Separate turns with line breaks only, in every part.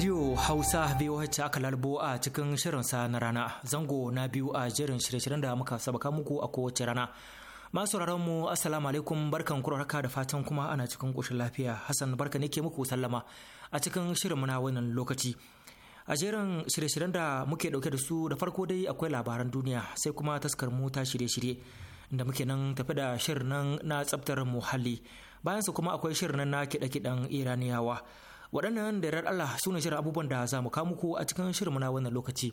Radio Hausa wacce aka lalbo a cikin shirinsa na rana zango na biyu a jerin shirye-shiryen da muka sabaka muku a kowace rana. Masu mu Assalamu alaikum barkan kurarka da fatan kuma ana cikin ƙoshin lafiya. Hassan barka ne ke muku sallama a cikin shirin muna wannan lokaci. A jerin shirye-shiryen da muke ɗauke da su da farko dai akwai labaran duniya sai kuma taskar mu ta shirye-shirye da muke nan tafi da shirin nan na tsaftar muhalli. Bayan su kuma akwai shirin nan na kiɗe-kiɗen Iraniyawa. waɗannan da yarar Allah su ne shirin abubuwan da za mu muku a cikin shirin na wannan lokaci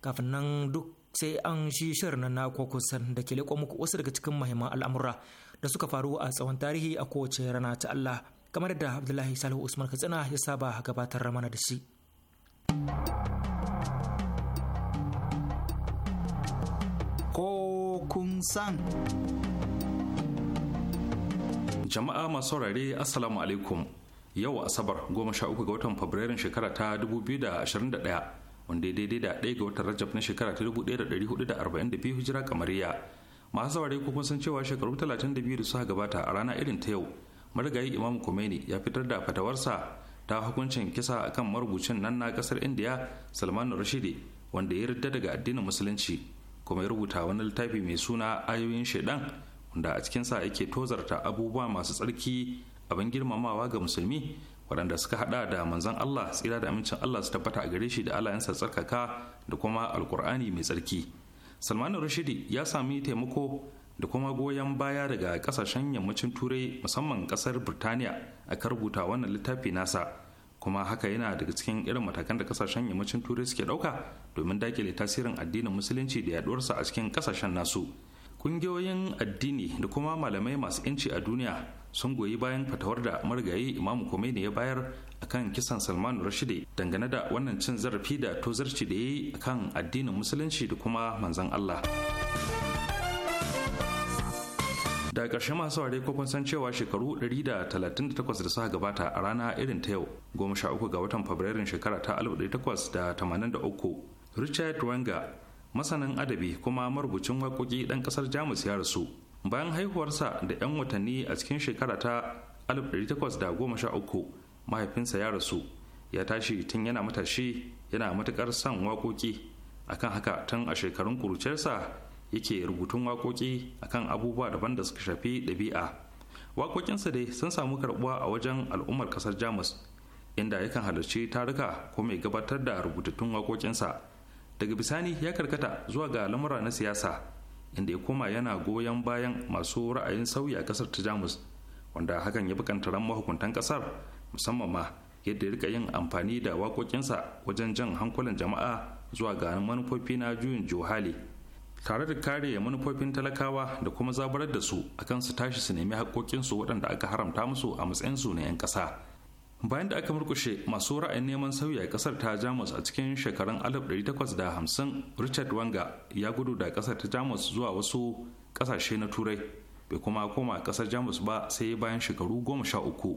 kafin nan duk sai an shi shirin na kokosan da ke leƙo muku wasu daga cikin mahimman al'amura da suka faru a tsawon tarihi a kowace rana ta Allah kamar da Abdullahi Salihu Usman Katsina ya saba gabatar mana da shi.
san.
Jama'a masu saurare Assalamu alaikum yau asabar goma sha uku ga watan fabrairun shekara ta 2021 wanda daidai da ɗaya ga watan rajab na shekara ta 1442 hijira kamariya masu saurari kuma san cewa shekaru 32 da suka gabata a rana irin ta yau marigayi imam Khomeini ya fitar da fatawarsa ta hukuncin kisa kan marubucin nan na kasar indiya salman rashidi wanda ya yarda daga addinin musulunci kuma ya rubuta wani littafi mai suna ayoyin shaidan wanda a cikinsa yake tozarta abubuwa masu tsarki abin girmamawa ga musulmi waɗanda suka hada da manzon Allah tsira da amincin Allah su tabbata a gare shi da yansa tsarkaka da kuma alkur'ani mai tsarki salman rushidi ya sami taimako da kuma goyon baya daga kasashen yammacin turai musamman kasar birtaniya aka rubuta wannan littafi nasa kuma haka yana daga cikin irin matakan da kasashen yammacin turai suke ɗauka domin dakile tasirin addinin musulunci da yaduwarsa a cikin kasashen nasu Ƙungiyoyin addini da kuma malamai masu yanci a duniya sun goyi bayan fatawar da marigayi imamu ne ya bayar akan kisan salmanu rashidi dangane da wannan cin zarafi da tozarci da ya yi akan addinin musulunci da kuma manzan allah da ƙarshe masu ware ko kun san cewa shekaru 138 da suka gabata a rana irin ta yau goma sha uku ga watan fabrairun shekara ta 1883 richard wenger masanin adabi kuma marubucin waƙoƙi ɗan ƙasar jamus ya rasu bayan haihuwarsa da 'yan watanni a cikin shekara ta 1813 mahaifinsa ya rasu ya tashi tun yana matashi yana matukar son waƙoƙi akan haka tun a shekarun kuruciyarsa yake rubutun waƙoƙi akan abubuwa daban da suka shafi ɗabi'a waƙoƙinsa dai sun samu karɓuwa a wajen al'ummar ƙasar jamus inda yakan halarci taruka ko mai gabatar da rubutattun waƙoƙinsa daga bisani ya karkata zuwa ga lamura na siyasa inda ya koma yana goyon bayan masu ra'ayin sauyi a kasar ta jamus wanda hakan ya bukanta ran mahukuntan kasar musamman ma yadda ya rika yin amfani da waƙoƙinsa wajen jan hankulan jama'a zuwa ga manufofi na juyin johali tare da kare manufofin talakawa da kuma zabarar da su akan su tashi su nemi haƙoƙinsu waɗanda aka haramta musu a matsayinsu na 'yan ƙasa bayan da aka murkushe masu ra'ayin neman sauyi a kasar ta jamus a cikin shekarun 1850 richard wanga ya gudu da kasar ta jamus zuwa wasu kasashe na turai bai kuma koma kasar jamus ba sai bayan shekaru goma sha uku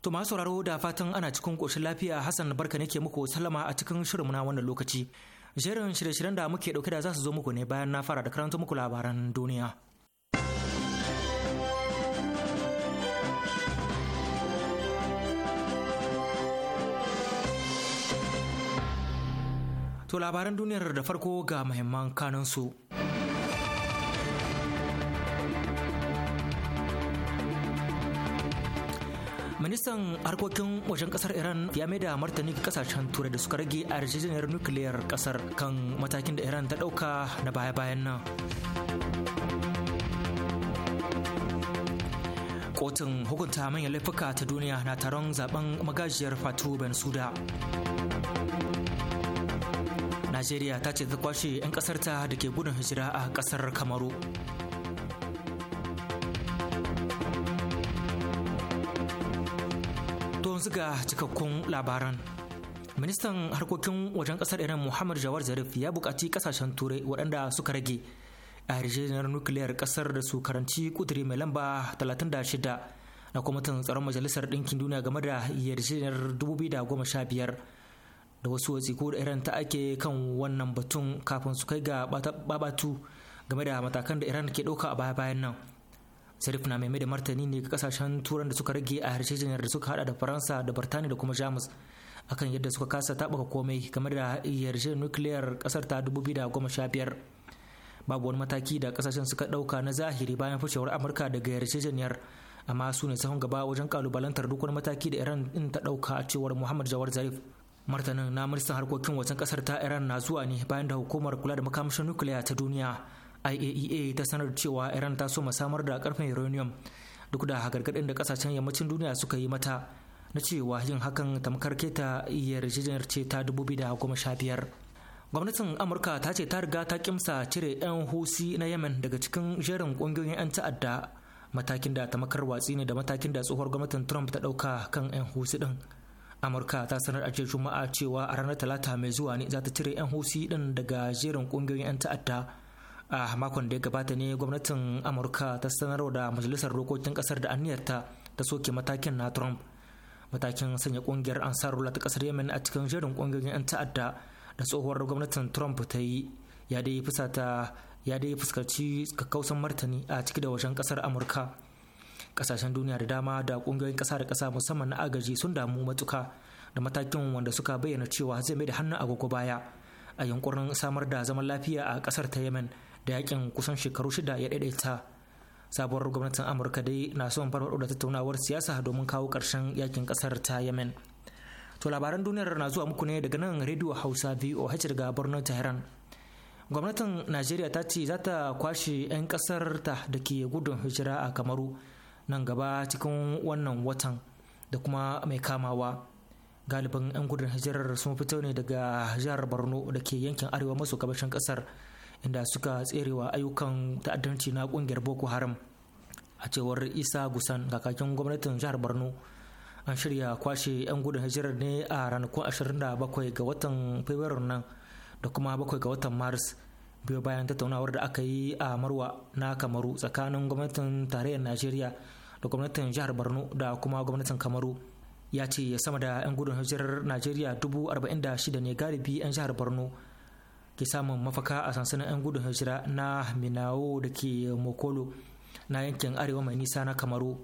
To masu sauraro da fatan ana cikin ƙoshin lafiya Hassan barka nake muku sallama a cikin shirin na wannan lokaci. Jerin shirye-shiryen da muke ɗauke da za su zo muku ne bayan na fara da karanta muku labaran duniya. To labaran duniyar da farko ga mahimman kanansu. su. ministan harkokin wajen kasar iran ya mai da martani ga kasashen turai da suka rage a yarjejeniyar nukiliyar kasar kan matakin da iran ta dauka na baya-bayan nan kotun hukunta manyan laifuka ta duniya na taron zaben magajiyar fatu suda najeriya ta ce ta kwashe 'yan kasarta da ke gudun hijira a kasar kamaru yanzu ga cikakkun labaran ministan harkokin wajen kasar iran muhammad jawar zarif ya bukaci kasashen turai waɗanda suka rage a rijiyar nukiliyar kasar da su karanci kuduri mai lamba 36 na kwamitin tsaron majalisar ɗinkin duniya game da yarjejeniyar 2015 da wasu wasiku da iran ta ake kan wannan batun kafin su kai ga babatu game da matakan da iran ke ɗauka a baya-bayan nan zarif na mai da martani ne ga kasashen turan da suka rage a yarjejeniyar da suka hada da faransa da birtaniya da kuma jamus akan yadda suka kasa tabaka komai game da yarjejeniyar nukiliyar kasar ta 2015 babu wani mataki da kasashen suka dauka na zahiri bayan ficewar amurka daga yarjejeniyar amma su ne sahun gaba wajen kalubalantar duk wani mataki da iran in ta dauka a cewar muhammad jawar zarif martanin na ministan harkokin wajen kasar ta iran na zuwa ne bayan da hukumar kula da makamashin nukiliya ta duniya iaea e ta sanar cewa iran ta so samar da karfin uranium duk da gargaɗin da kasashen yammacin duniya suka yi mata na cewa yin hakan tamkar keta yarjejeniyar ce ta biyar. gwamnatin amurka ta ce ta riga ta kimsa cire 'yan husi na yemen daga cikin jerin ƙungiyoyin 'yan ta'adda matakin da tamakar watsi ne da matakin da tsohuwar gwamnatin trump ta ɗauka kan 'yan husi ɗin amurka ta sanar a juma'a cewa a ranar talata mai zuwa ne za ta cire 'yan husi ɗin daga jerin ƙungiyoyin 'yan ta'adda a makon da ya gabata ne gwamnatin amurka ta sanarwa da majalisar dokokin kasar da aniyarta ta soke matakin na trump matakin sanya kungiyar ansarula ta kasar yemen a cikin jerin kungiyoyin 'yan ta'adda da tsohuwar gwamnatin trump ta yi ya dai fusata ya dai fuskanci kakkausan martani a ciki da wajen kasar amurka kasashen duniya da dama da kungiyoyin kasa da kasa musamman na agaji sun damu matuka da matakin wanda suka bayyana cewa zai mai da hannun agogo baya a yunkurin samar da zaman lafiya a kasar ta yemen da yakin kusan shekaru shida ya daidaita sabuwar gwamnatin amurka dai na son farfaɗo da tattaunawar siyasa domin kawo karshen yakin ƙasar ta yemen to labaran duniyar na zuwa muku ne daga nan rediyo hausa voh daga birnin tehran gwamnatin najeriya ta ce za ta kwashe 'yan ƙasar ta da ke gudun hijira a kamaru nan gaba cikin wannan watan da kuma mai kamawa galibin 'yan gudun hijirar sun fito ne daga jihar borno da ke yankin arewa maso gabashin kasar. inda suka tserewa ayyukan ta'addanci na kungiyar boko haram a cewar isa gusan kakakin gwamnatin jihar borno an shirya kwashe 'yan gudun hijirar ne a ranakun 27 ga watan fabrairu nan da kuma 7 ga watan maris biyo bayan tattaunawar da aka yi a marwa na kamaru tsakanin gwamnatin tarayyar najeriya da gwamnatin jihar borno da kuma gwamnatin kamaru ya ce ya sama da 'yan gudun hijirar najeriya 46 ne galibi 'yan jihar borno ke samun mafaka a sansanin 'yan gudun hijira na minawo da ke mokolo na yankin arewa mai nisa na kamaru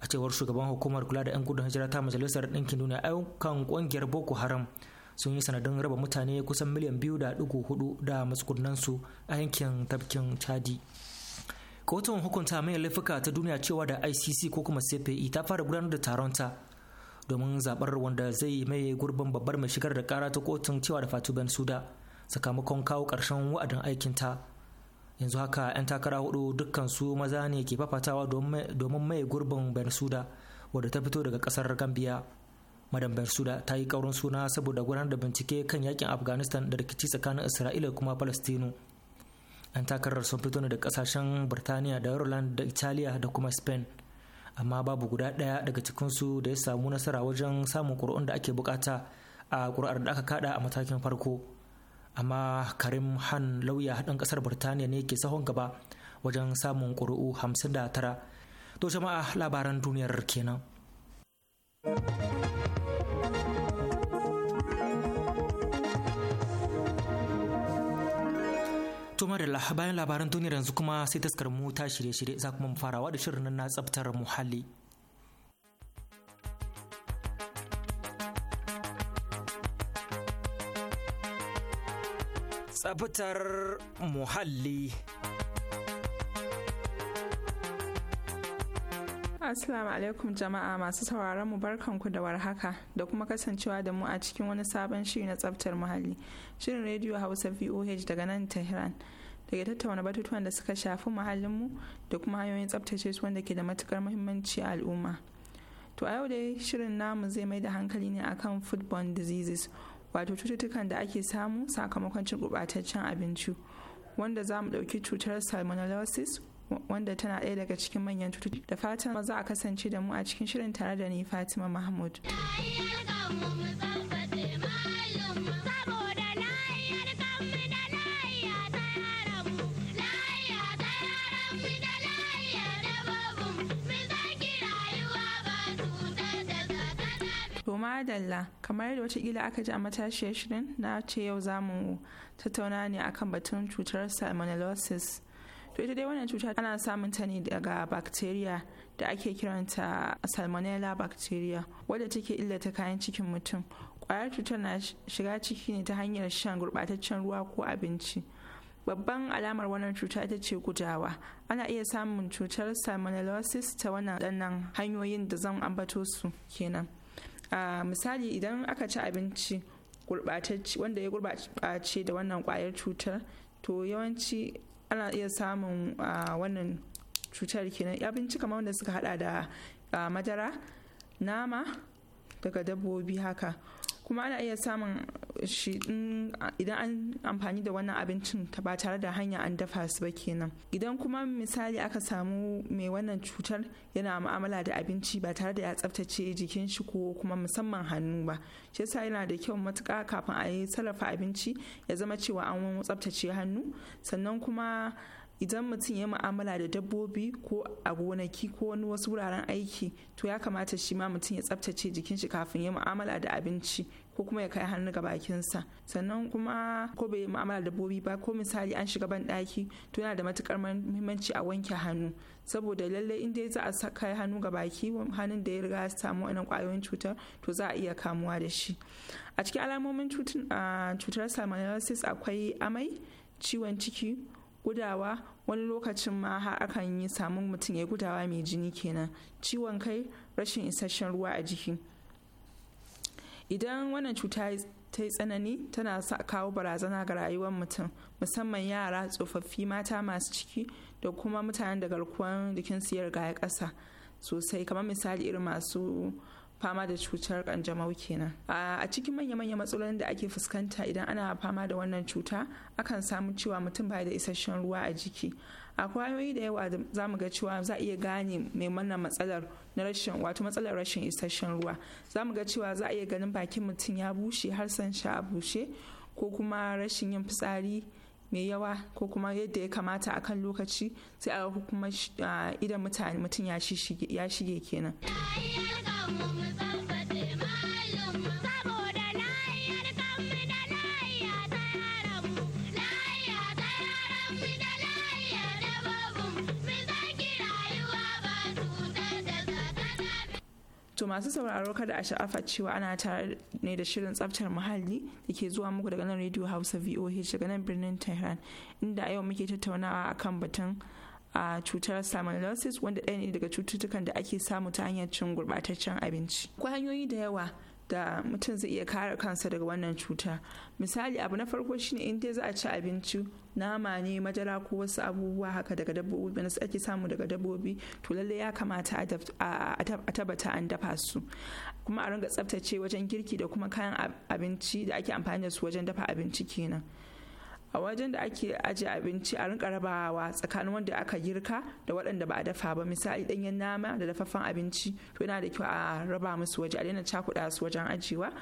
a cewar shugaban hukumar kula da 'yan gudun hijira ta majalisar ɗinkin duniya ayyukan ƙungiyar boko haram sun yi sanadin raba mutane kusan miliyan biyu da ɗigo hudu da matsugunansu a yankin tafkin chadi kotun hukunta mai laifuka ta duniya cewa da icc ko kuma cpe ta fara gudanar da taron ta domin zabar wanda zai mai gurbin babbar mai shigar da kara ta kotun cewa da fatu suda. sakamakon kawo ƙarshen wa'adin ta yanzu haka 'yan takara hudu dukkansu maza ne ke fafatawa domin mai gurbin bensuda wadda ta fito daga kasar gambia madam bensuda ta yi kaurin suna saboda gudanar da bincike kan yakin afghanistan da rikici tsakanin isra'ila kuma palestinu 'yan takarar sun fito ne da kasashen birtaniya da ireland da italiya da kuma spain amma babu guda ɗaya daga cikinsu da ya samu nasara wajen samun ƙuri'un da ake bukata a ƙuri'ar da aka kada a matakin farko amma karim han lauya ɗan ƙasar birtaniya ne ke sahon gaba wajen samun ƙuri'u 59 to jama'a labaran duniyar kenan To da bayan labaran duniyar yanzu kuma sai taskar mu ta shirye-shirye za kuma mu farawa da shirin na tsabtar muhalli. tsabtar muhalli
Assalamu alaikum jama'a masu sauraron mu barkanku da warhaka da kuma kasancewa da mu a cikin wani sabon shiri na tsabtar muhalli. Shirin rediyo Hausa VOH daga nan Tehran. Daga tattauna batutuwan da suka shafi muhallinmu da kuma hanyoyin tsabtace su wanda ke da matukar muhimmanci a al'umma. To a yau dai shirin namu zai mai da hankali ne akan foodborne diseases wato cututtukan da ake samu sakamakon cin gurɓataccen abinci wanda za mu ɗauki cutar salmonellosis wanda tana ɗaya daga cikin manyan cututtuka da fatan za a kasance da mu a cikin shirin tare da ni fatima mahmud madalla kamar yadda watakila aka ji a matashi shirin na ce yau za mu tattauna ne akan batun cutar salmonellosis to ita dai wannan cuta ana samun ta ne daga bacteria da ake kiranta salmonella bacteria wadda take illata kayan cikin mutum kwayar cutar na shiga ciki ne ta hanyar shan gurbataccen ruwa ko abinci babban alamar wannan cuta ita ce gudawa ana iya samun cutar salmonellosis ta wannan hanyoyin da zan ambato su kenan a misali idan aka ci abinci wanda ya gurbace da wannan kwayar cutar to yawanci ana iya samun wannan cutar kenan abinci kamar wanda suka hada da madara nama daga dabbobi haka kuma ana iya samun shi idan an amfani da wannan abincin ta ba tare da hanya an dafa su ba kenan idan kuma misali aka samu mai wannan cutar yana mu'amala da abinci ba tare da ya tsaftace jikin shi ko kuma musamman hannu ba shi yasa yana da kyau matuka kafin a yi sarrafa abinci ya zama cewa an tsaftace hannu sannan kuma idan mutum ya mu'amala da dabbobi ko a gonaki ko wani wasu wuraren aiki to ya kamata shi ma mutum ya tsabtace jikin shi kafin ya mu'amala da abinci ko kuma ya kai hannu ga bakinsa sannan kuma ko bai yi mu'amala da dabbobi ba ko misali an shiga ban daki to yana da matukar muhimmanci a wanke hannu saboda lalle in dai za a kai hannu ga baki hannun da ya riga ya samu wannan kwayoyin cutar to za a iya kamuwa da shi a cikin alamomin ah, cutar salmonellosis akwai amai ciwon ciki gudawa wani lokacin ma har akan yi samun mutum ya gudawa mai jini kenan ciwon kai rashin isasshen ruwa a jiki idan wannan cuta ta yi tsanani tana kawo barazana ga rayuwar mutum musamman yara tsofaffi mata masu ciki da kuma mutanen da garkuwar jikinsu ya riga ya ƙasa sosai kamar misali irin masu fama da cutar kanjamau kenan a cikin manya-manya matsalolin da ake fuskanta idan ana fama da wannan cuta akan samu cewa mutum bai da isasshen ruwa a jiki a kwayoyi da yawa za mu ga cewa za a iya gane mai wannan matsalar na rashin wato matsalar rashin isasshen ruwa za mu ga cewa za a iya ganin bakin mutum ya bushe har san sha a bushe ko kuma rashin yin fitsari mai yawa ko kuma yadda ya kamata a kan lokaci sai a hukumar idan mutum ya shige kenan. To masu sauraro kada a sha'afa cewa ana tare ne da shirin tsaftar muhalli da ke zuwa muku daga nan Radio Hausa VOH daga nan birnin Tehran inda a yau muke tattaunawa akan batun a cutar salmonellosis wanda ɗaya ne daga cututtukan da ake samu ta hanyar cin gurɓataccen abinci. Akwai hanyoyi da yawa da mutum zai iya kare kansa daga wannan cuta misali abu na farko shine in dai za a ci abinci nama ne madara ko wasu abubuwa haka daga dabbobi wanda ake samu daga dabbobi to lalle ya kamata a tabbata an dafa su kuma a ringa tsaftace wajen girki da kuma kayan abinci da ake amfani da su wajen dafa abinci kenan a wajen da ake aje abinci a rinka rabawa tsakanin wanda aka girka da waɗanda ba a dafa ba misali ɗanyen nama da dafaffen abinci to yana da kyau a raba musu waje a daina cakuɗa su wajen ajiyewa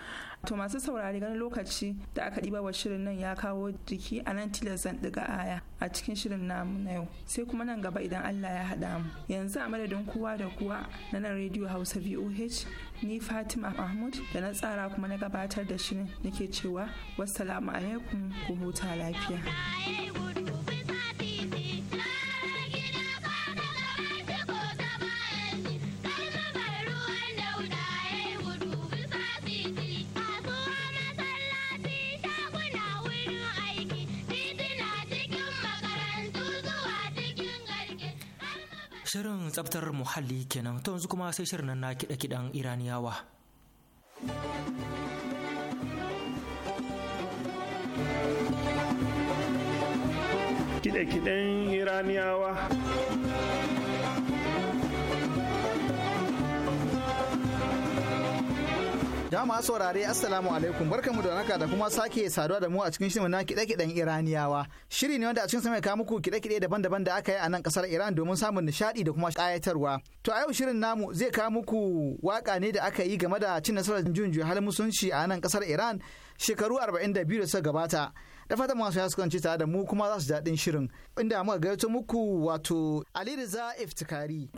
to masu saurari ganin lokaci da aka ɗiba wa shirin nan ya kawo jiki a nan tilastan daga aya a cikin shirin namu na yau sai kuma nan gaba idan Allah ya haɗa mu yanzu a madadin kowa da kowa na nan rediyo Hausa VOH ni fatima mahmud da na tsara kuma na gabatar da shirin nake cewa wassalamu alaikum ku huta lafiya
tsaftar muhalli kenan ta yanzu kuma sai shirin na kiɗa kiɗan iraniyawa
kiɗe-kiɗen iraniyawa
Dama saurare Assalamu alaikum barkamu da haka da kuma sake saduwa da mu a cikin shirin na kiɗe-kiɗen Iraniyawa. Shiri ne wanda a cikin sa mai kawo muku kiɗe-kiɗe daban-daban da aka yi a nan kasar Iran domin samun nishadi da kuma ƙayatarwa. To a yau shirin namu zai kawo muku waka ne da aka yi game da cin nasarar jin halin musunci a nan kasar Iran shekaru 42 da suka gabata. Da fatan masu ya sukanci tare da mu kuma za su daɗin shirin. Inda muka gayyato muku wato Ali Riza Iftikari.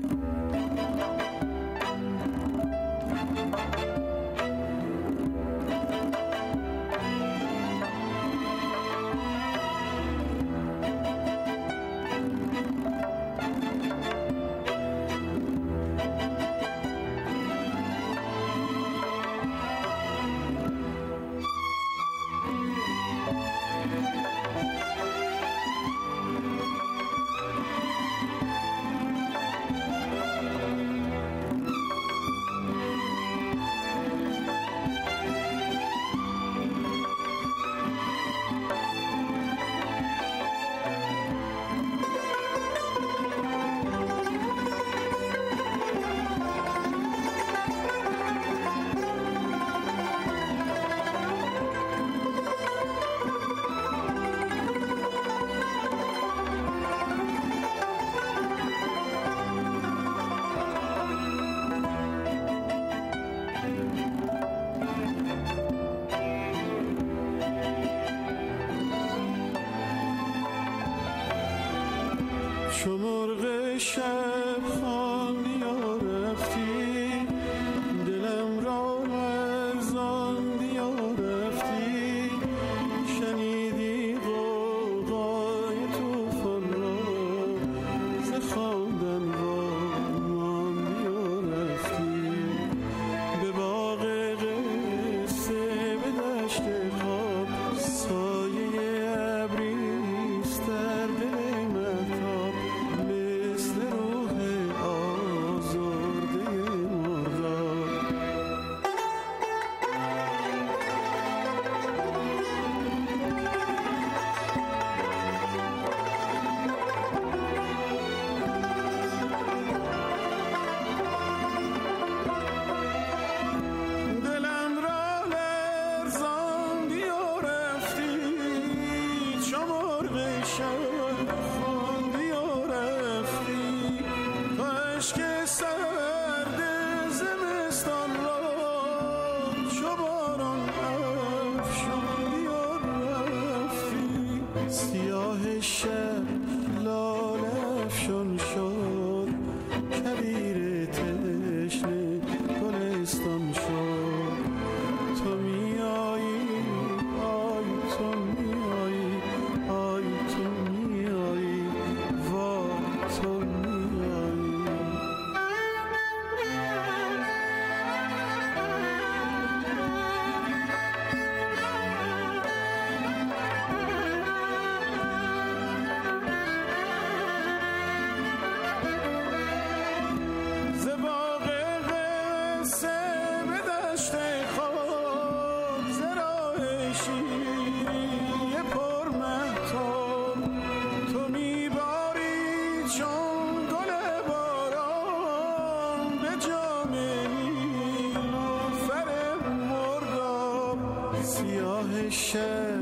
شهر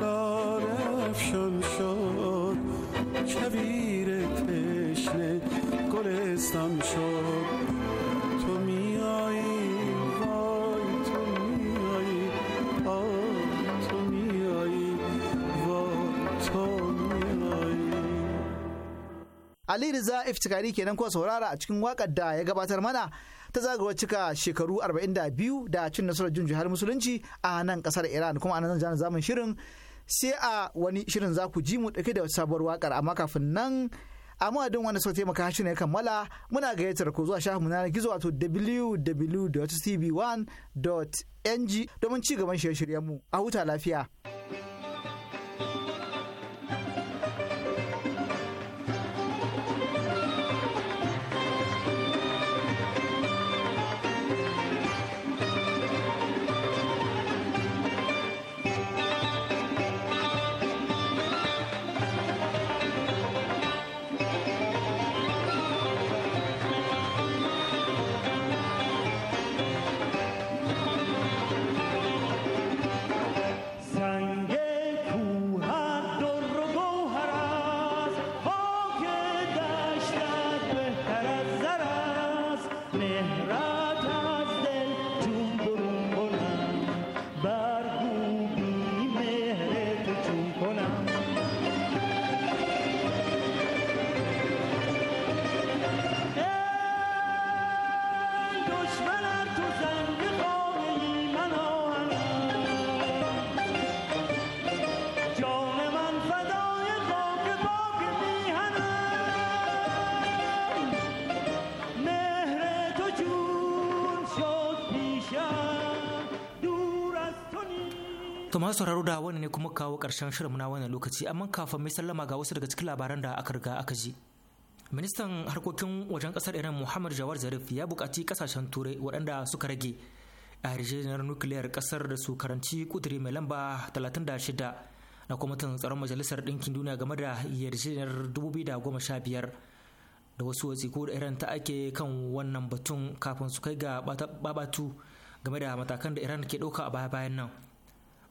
نارفشان شد کویر تشنه گلستان شد تو میایی وای تو میایی آه تو میایی
وای تو میایی Ali Riza Iftikari kenan kuwa saurara a cikin waƙar da ya gabatar mana ta zagawa cika shekaru 42 da cin nasarar jin jihar musulunci a nan kasar iran kuma anan nan zamun shirin sai a wani shirin za ku ji mu dauke da sabuwar wakar amma kafin nan a muhadin wanda suka taimaka shi ne kammala muna gayyatar ku zuwa shafin na gizo wato www.tv1.ng domin ci gaban shirye shiryenmu a huta lafiya.
To masu sauraro da wani ne kuma kawo ƙarshen shirin na wannan lokaci amma kafin mai sallama ga wasu daga cikin labaran da aka riga aka ji. Ministan harkokin wajen kasar Iran Muhammad Jawar Zarif ya bukaci kasashen Turai waɗanda suka rage a rijiyar nukiliyar ƙasar da su karanci kudiri mai lamba 36 na kwamitin tsaron majalisar ɗinkin duniya game da yarjejeniyar 2015 da wasu wasiku da Iran ta ake kan wannan batun kafin su kai ga babatu game da matakan da Iran ke ɗauka a baya-bayan nan.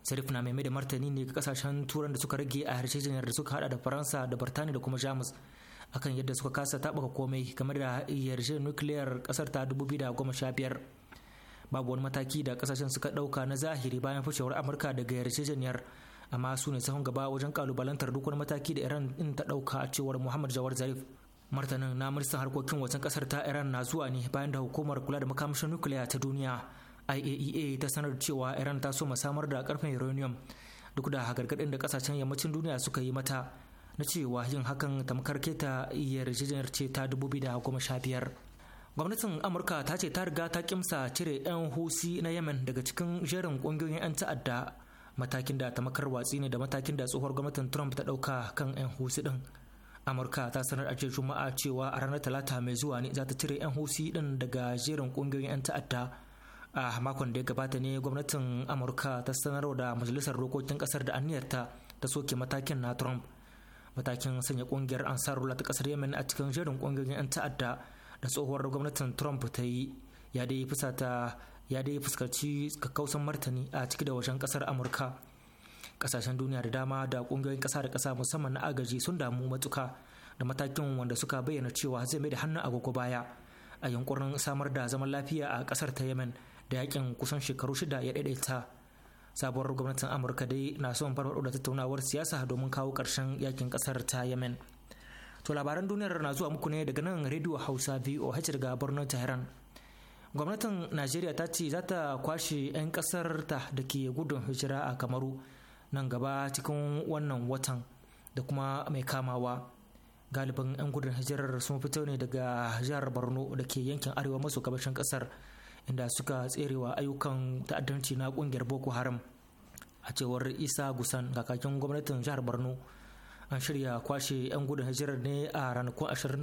sarif na mai da martani ne ga kasashen turan da suka rage a yarjejeniyar da suka hada da faransa da birtaniya da kuma jamus akan yadda suka kasa tabaka komai game da yarjejeniyar nukiliyar kasar ta 2015 babu wani mataki da kasashen suka dauka na zahiri bayan ficewar amurka daga yarjejeniyar amma su ne sahun gaba wajen kalubalantar duk wani mataki da iran in ta dauka a cewar muhammad jawar zarif martanin na ministan harkokin wajen kasar ta iran na zuwa ne bayan da hukumar kula da makamashin nukiliya ta duniya iaea e ta sanar cewa iran ta so samar da karfin uranium duk da gargaɗin da kasashen yammacin duniya suka yi mata na cewa yin hakan tamkar keta yarjejeniyar ce ta biyar. gwamnatin amurka ta ce ta riga ta kimsa cire 'yan husi na yemen daga cikin jerin ƙungiyoyin 'yan ta'adda matakin da tamakar watsi ne da matakin da tsohuwar gwamnatin trump ta ɗauka kan 'yan husi ɗin amurka ta sanar a juma'a cewa a ranar talata mai zuwa ne za ta cire 'yan husi ɗin daga jerin ƙungiyoyin 'yan ta'adda a makon da ya gabata ne gwamnatin amurka ta sanarwa da majalisar dokokin kasar da aniyarta ta soke matakin na trump matakin sanya kungiyar ansarula ta kasar yemen a cikin jerin kungiyoyin 'yan ta'adda da tsohuwar gwamnatin trump ta yi ya dai fusata ya dai fuskanci kakkausan martani a ciki da wajen kasar amurka kasashen duniya da dama da kungiyoyin kasa da kasa musamman na agaji sun damu matuka da matakin wanda suka bayyana cewa zai mai da hannun agogo baya a yunkurin samar da zaman lafiya a kasar ta yemen da yakin kusan shekaru shida ya daidaita sabuwar gwamnatin amurka dai na son farfaɗo da tattaunawar siyasa domin kawo karshen yakin ƙasar ta yemen to labaran duniyar na zuwa muku ne daga nan rediyo hausa voh daga birnin tehran gwamnatin najeriya ta ce za ta kwashe 'yan ƙasar ta da ke gudun hijira a kamaru nan gaba cikin wannan watan da kuma mai kamawa galibin 'yan gudun hijirar sun fito ne daga jihar borno da ke yankin arewa maso gabashin kasar inda suka tserewa ayyukan ta'addanci na kungiyar boko haram a cewar isa gusan kakakin gwamnatin jihar borno an shirya kwashe 'yan gudun hijirar ne a ranakun 27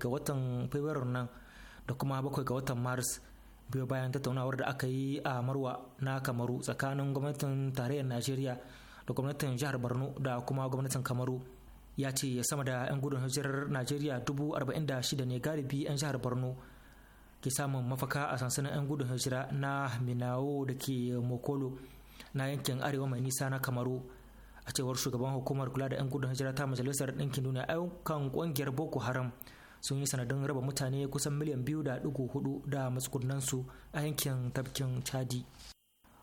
ga watan fabrairu nan da kuma 7 ga watan maris biyo bayan tattaunawar da aka yi a marwa na kamaru tsakanin gwamnatin tarayyar najeriya da gwamnatin jihar borno da kuma gwamnatin kamaru ya ce ya sama da 'yan gudun hijirar najeriya 46 ne galibi 'yan jihar borno ke samun mafaka a sansanin 'yan gudun hijira na minawo da ke mokolo na yankin arewa mai nisa na kamaru a cewar shugaban hukumar kula da 'yan gudun hijira ta majalisar ɗinkin duniya ayyukan ƙungiyar boko haram sun yi sanadin raba mutane kusan miliyan biyu da ɗigo hudu da su a yankin tafkin chadi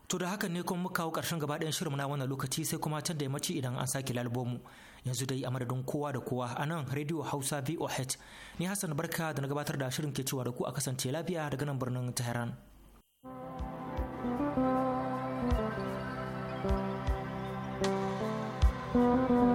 to da hakan ne kuma muka kawo ƙarshen gaba ɗayan shirin na wannan lokaci sai kuma can da yammaci idan an sake lalbomu yanzu dai a madadin kowa da kowa a nan radio hausa voh ni hassan barka da na gabatar da shirin ke cewa da ku a kasance lafiya daga nan birnin tehran thank you